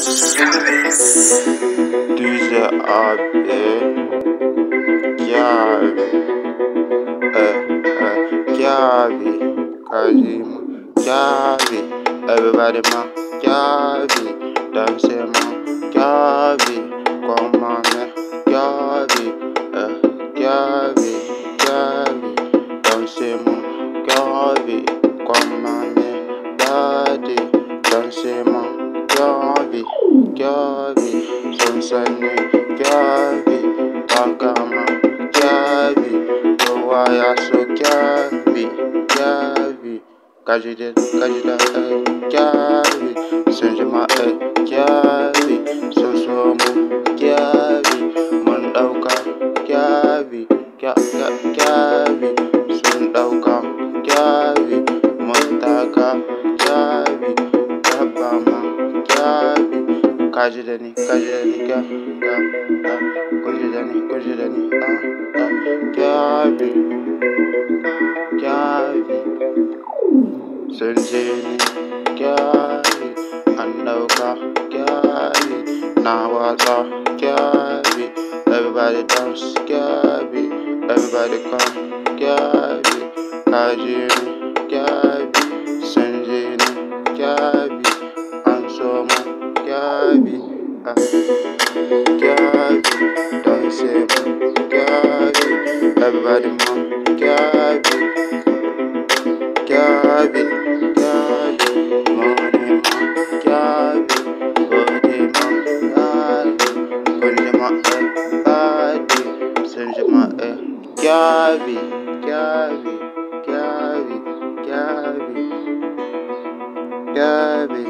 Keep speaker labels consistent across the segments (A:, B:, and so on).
A: Service. Düze abi Gabi eh, eh, Gabi Kazim Gabi Everybody ma Gabi Dance ma Gabi Come on me Gabi eh, Gabi eh, Gabi Dance ma Gabi Come on me eh. Daddy Dance ma Gabi Gabi, Gabi, Sansane, Gabi, Bagama, Gabi, Owayaso, Gabi, Gabi, Kajida, Kajida, eh, Gabi, Sanjima, eh, Gabi. Kajedeni, Kajedeni, ga, ga, ga, Kajedeni, Kajedeni, ah, ah, Gabi, Gabi, Sentini, Gabi, Andoka, Gabi, Nawata, Gabi, everybody dance, Gabi, everybody come, Gabi, Kajedeni, Gabi. Gabby, dance it, Gabby, everybody move, Gabby, Gabby, Gabby, money move, Gabby, body move, Gabby, punch my head, body, send my head, Gabby, Gabby, Gabby, Gabby, Gabby.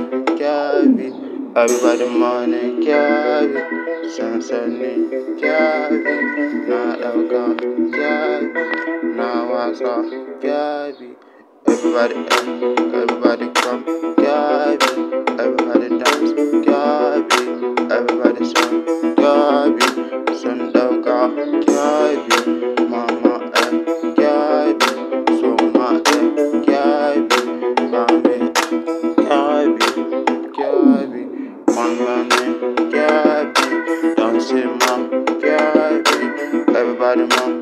A: Everybody money carry, sunset carry, now gone, carry, now I saw carry. Everybody, everybody come. bottom up.